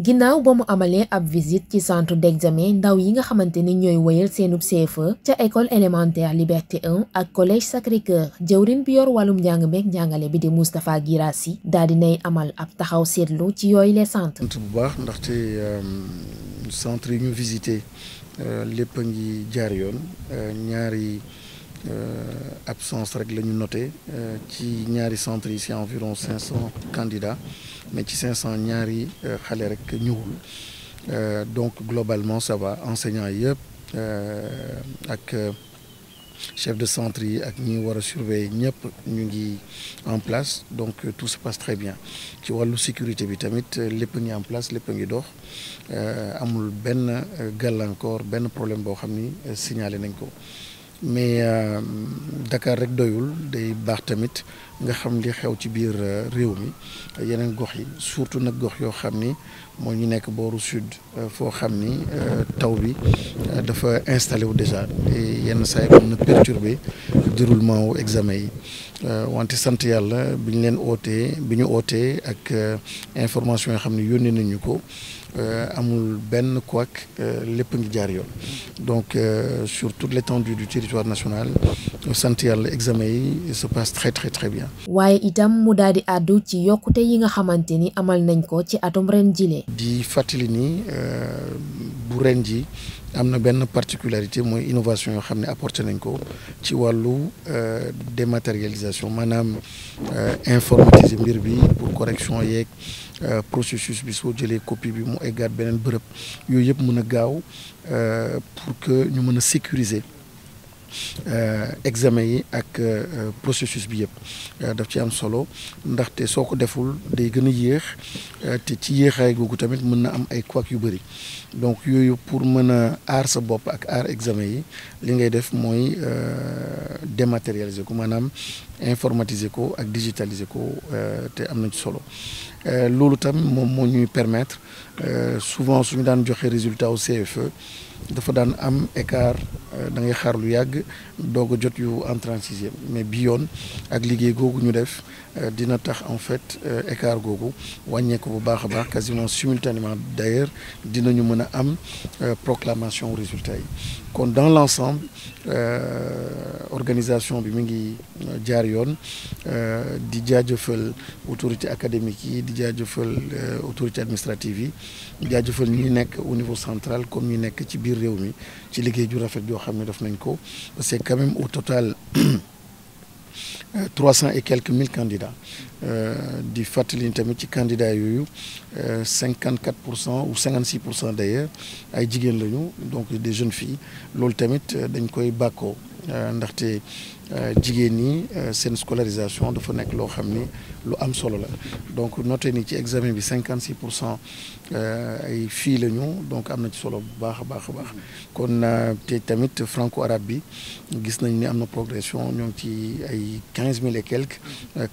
ginnaaw ba mu amalee ab visite ci centre d'examen ndaw yi nga xamante ni ñooy woyal seenub CFEE ca école élémentaire Liberté 1 ak collège Sacré-Cœur jëwrin bi yor wallum njàng meek njàngale bi di Moustapha Guirassi daal dinay amal ab taxaw seetlu ci yooyule les bu baax ndaxte euh, centre yi ñu visité euh, lépp a ngi jaar yoon euh, ñaari Euh, absence rek la ñu noté euh, ci ñaari centre yi c'est environ cinq cent candidats mais ci cinq cent ñaari euh, xale rek ñëwul donc globalement ça va enseignants yëpp ak chef de centre yi ak ñi war a surveiller ñëpp ñu ngi en place donc tout se passe très bien ci wàllu sécurité bi tamit lépp ngi en place lépp a ngi dox amul benn gàllankoor benn problème boo xam ni signalé nañ ko mais euh, Dakar rek doyul day baax tamit nga xam li xew ci biir euh, réew mi yeneen gox yi surtout nag gox yoo xam ni moo ñu nekk booru sud euh, foo xam ni taw bi dafa installé wu déjà yenn saa yi mën na perturber déroulement wu examen yi euh, wante sant yàlla bi ñu leen ootee bi ñu ootee ak euh, information yoo xam ne yónnee nañu ko euh, amul benn couac lépp ngi jaar yoon donc sur toute l'étendue du territoire national sant yàlla examen yi se passe très très très bien. waaye itam mu daal di àddu ci yokkute yi nga xamante ni amal nañ ko ci atum ren jile. di fàttali ni bu ren ji. am na benn particularité mooy innovation yoo xam ne apporté nañ ko ci wàllu euh, dématérialisation maanaam euh, informatiser mbir bi pour correction yeeg euh, processus bi soo jëlee copie bi mu eggaat beneen bërëb yooyu yëpp mën a gaaw pour que ñu mën a sécuriser Euh, examen yi ak euh, processus bi yëpp euh, daf ci am solo ndaxte soo ko deful day gën a yéex te ci yéexaay googu tamit mën na am ay couac yu bëri donc yooyu pour mën a aar sa bopp ak aar examen yi li ngay def mooy dématérialiser ko maanaam informatiser ko ak digitaliser ko te am na ci solo loolu tam moom moo ñuy permettre souvent suñu daan joxe résultat au CFE dafa daan am ecar da ngay xaar lu yàgg doog jot yu entrée en sixième mais bi yoon ak liggéey googu ñu def euh, dina tax en fait euh, écart googu wàññeeku bu baax a baax quasiment simultanément d'ailleurs dinañu mën a am euh, proclamation résultat yi kon dans l'ensemble organisation bi mu ngi jaar yoon di jaajëfal autorité académique yi di jaajëfal autorité administrative yi di jaajëfal ñi nekk au niveau central comme ñu nekk ci biir réew mi ci liggéey ju rafet joo xam xam def nañ ko c'est quand même au total euh, trois cent et quelques mille candidats euh, di fàttali tamit ci candidats yooyu euh, cinquante quatre pour cent ou cinquante six pour cent d'ailleurs ay jigéen lañu donc des jeunes fii loolu tamit dañ koy bàkkoo Euh, ndaxte euh, jigéen ñi euh, seen scolarisation dafa nekk loo xam ni lu am solo la donc noté ni ci examen bi cinquante six pour cent ay fii lañu donc am na ci solo bu baax a baax a baax kon te tamit franco arabe bi gis nañ ni am na progression ñoo ci ay quinze mille et quelques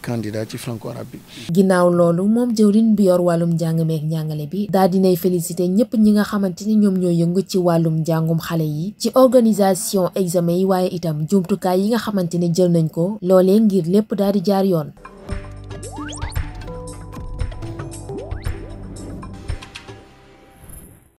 candidats ci franco arabe bi. ginnaaw loolu moom jëwriñ bi yor wàllum njàng meek njàngale bi daal dinay félicité ñëpp ñi nga xamante ni ñoom ñoo yëngu ci wàllum njàngum xale yi ci organisation examen yi waaye itam itam jumtukaay yi nga xamante ne jël nañ ko loolee ngir lépp daal di jaar yoon